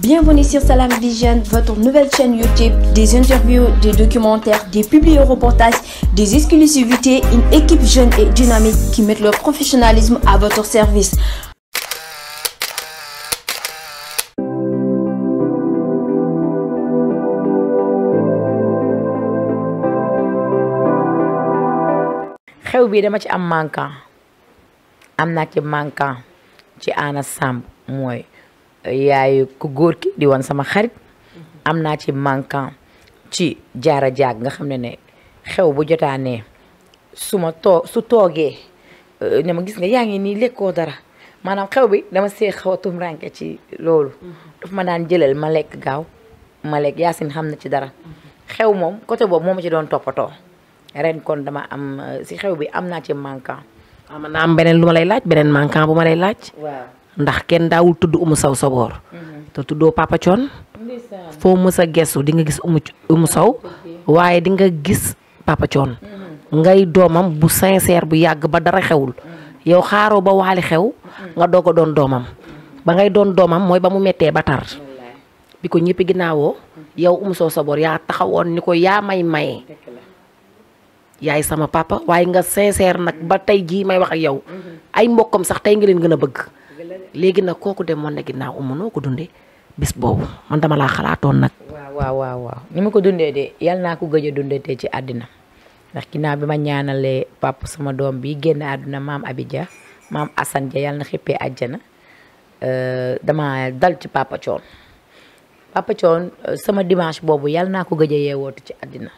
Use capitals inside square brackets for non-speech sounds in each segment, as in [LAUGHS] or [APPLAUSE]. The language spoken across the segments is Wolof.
Bienvenue sur Salam Vision, votre nouvelle chaîne YouTube, des interviews, des documentaires, des publi-reportages, des exclusivités, une équipe jeune et dynamique qui met leur professionnalisme à votre service. dama ci am manquant am naa ci manquant ci Anna mooy yaay ku góor ki di woon sama xarit mhm. am naa ci manquant ci jaara jaag nga xam ne ne xew bu jotaanee su ma too su toogee euh, ne ma gis nga yaa ngi nii lekkoo dara maanaam xew bi dama see xaw a tum ranke ci loolu mhm. daf ma daan jëlal ma lekk gaaw ma lekk yaasin xam na ci dara mhm. xew moom côté boobu moom ma ci doon toppatoo ren kon dama am euh, si xew bi am naa ci manquant waaw man naa am beneen lu ma lay laaj beneen manquant bu ma lay laaj ndax kenn daawul tudd umu saw saboor mhm. te tuddoo papa coon foo mës a gestu di nga gis umu saw waaye di nga gis papa coon mhm. ngay doomam bu sincère bu yàgg ba dara xewul mhm. yow xaaroo ba waali xew nga doog doon doomam ba ngay doon doomam mooy ba mu mettee ba tar bi ko ñëpp ginnaawoo yow umu saw saboor yaa taxawoon ni ko yaa may maye yaay sama papa waaye nga sincère nag ba tey jii may wax a yow ay mbokkam sax tey nga leen gën a bëgg léegi nag kooku dem demoon na ginnaaw umu noo ko dundee bis boobu man dama laa xalaatoon nag. waaw waaw waaw ni ma ko dundee de yal naa ko gëj a dundee te ci àddina ndax ginnaaw bi ma ñaanalee papa sama doom bi génn àdduna maam Abidja maam Assane Dia yàlla na xippee àjjana euh, dama dal ci papa Thione euh, sama dimanche boobu yàlla naa ko gëj a yeewootu ci àddina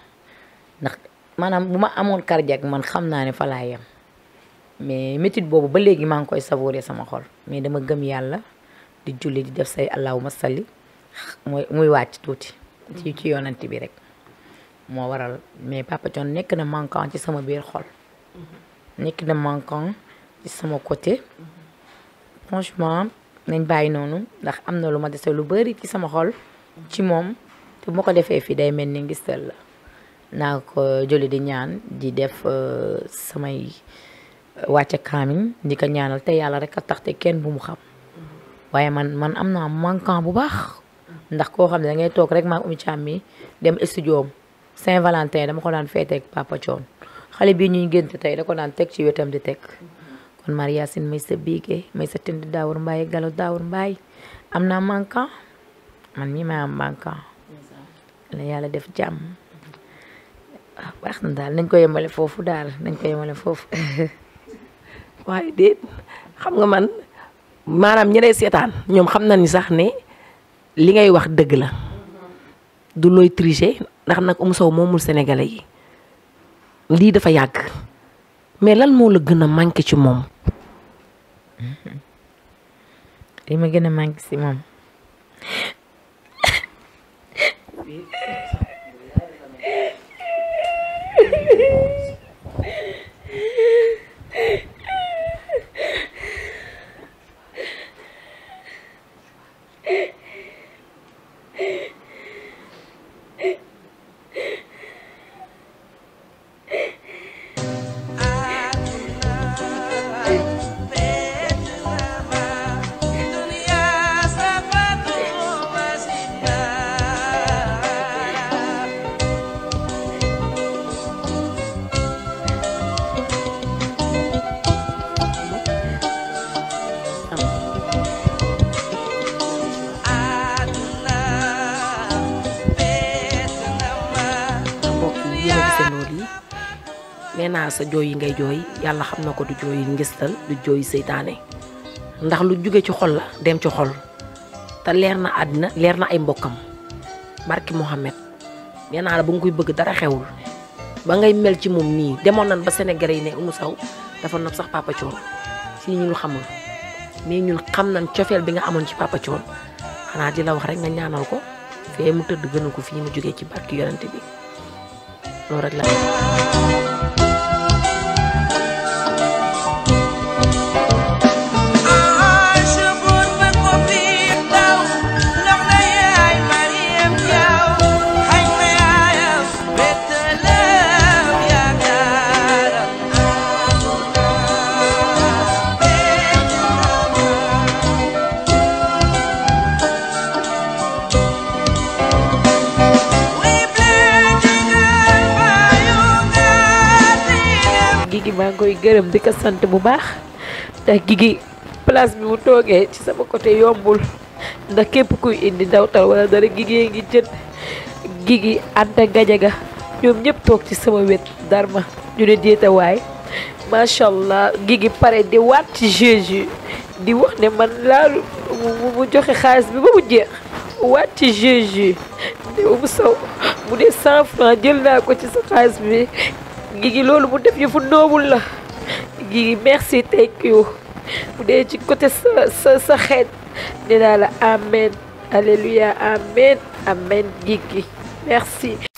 ndax maanaam bu ma amoon cardiaque man xam naa ne falaayam mais métit boobu ba léegi maa ngi koy savouré sama xol mais dama gëm yàlla di julli di def say allahuma salli muy muy wàcc tuuti. ci ci yonent bi rek moo waral mais Papa Thione nekk na manquant ci sama biir xol. nekk na manquant ci sama côté. franchement nañ bàyyi noonu ndax am na lu ma dese lu bari ci sama xol. ci moom te bu ma ko defee fii day mel ni ngistal la naa ko joli di ñaan di def euh, samay. wàcce kaamil di ko ñaanal te yàlla rek a tax te kenn bu mu xam waaye man man am naa manquant bu baax ndax koo xam ne da ngay toog rek maa Oumy Thiam mi dem studio am Saint-Valentin dama ko daan féetee teg Papa Thione xale bii ñuy génte tey da ko daan teg ci wetam di teg kon Maria Sine may sa biige may sa tind daawur mbaay galo daawur mbaay am naa manquant man mii maa am manquant la yàlla def jàmm baax na daal nañ ko yemale foofu daal nañ ko yemale foofu [LAUGHS] waaye de xam nga man maanaam ñi seetaan ñoom xam na ni sax ne li ngay wax dëgg la du looy tricher ndax nag Oumou Sow moomul sénégalais yi lii dafa yàgg mais lan moo la gën a manqué ci moom. [LAUGHS] li ma gën a manqué ci moom. nee naa sa jooy yi ngay jooy yàlla xam na ko du jooy ngistal du jooy seytaane ndax lu jóge ci xol la dem ci xol te leer na àddina leer na ay mbokkam barki Mouhamed nee naa la ba nga koy bëgg dara xewul ba ngay mel ci moom nii demoon nan ba Sénégalais yi ne Oumou Sow dafa nopp sax Papa Thione si ñun xamul mais ñun xam nañ cofeel bi nga amoon ci Papa Thione xanaa di la wax rek nga ñaanal ko fee mu tëdd gënu ko fii mu jógee ci barki yonente bi la Guigui maa ngi koy gërëm di ko sant bu baax ndax Guigui place bi mu toogee ci sama côté yombul ndax képp kuy indi ndawtal wala dara Guigui ngi jën Guigui Anta Gajaga ñoom ñëpp toog ci sama wet darma ñu ne déeta waay macha allah Guigui pare di waat ci Jésus di wax ne man laalu mu joxe xaalis bi ba mu jeex waat ci Jésus mu sow mu ne cent franc jël naa ko ci sa xaalis bi Guigui loolu mu def yëfu noobul la Guigui merci thank you bu dee ci côté sa sa xeet nee naa la amen alléluia amen amen Guigui merci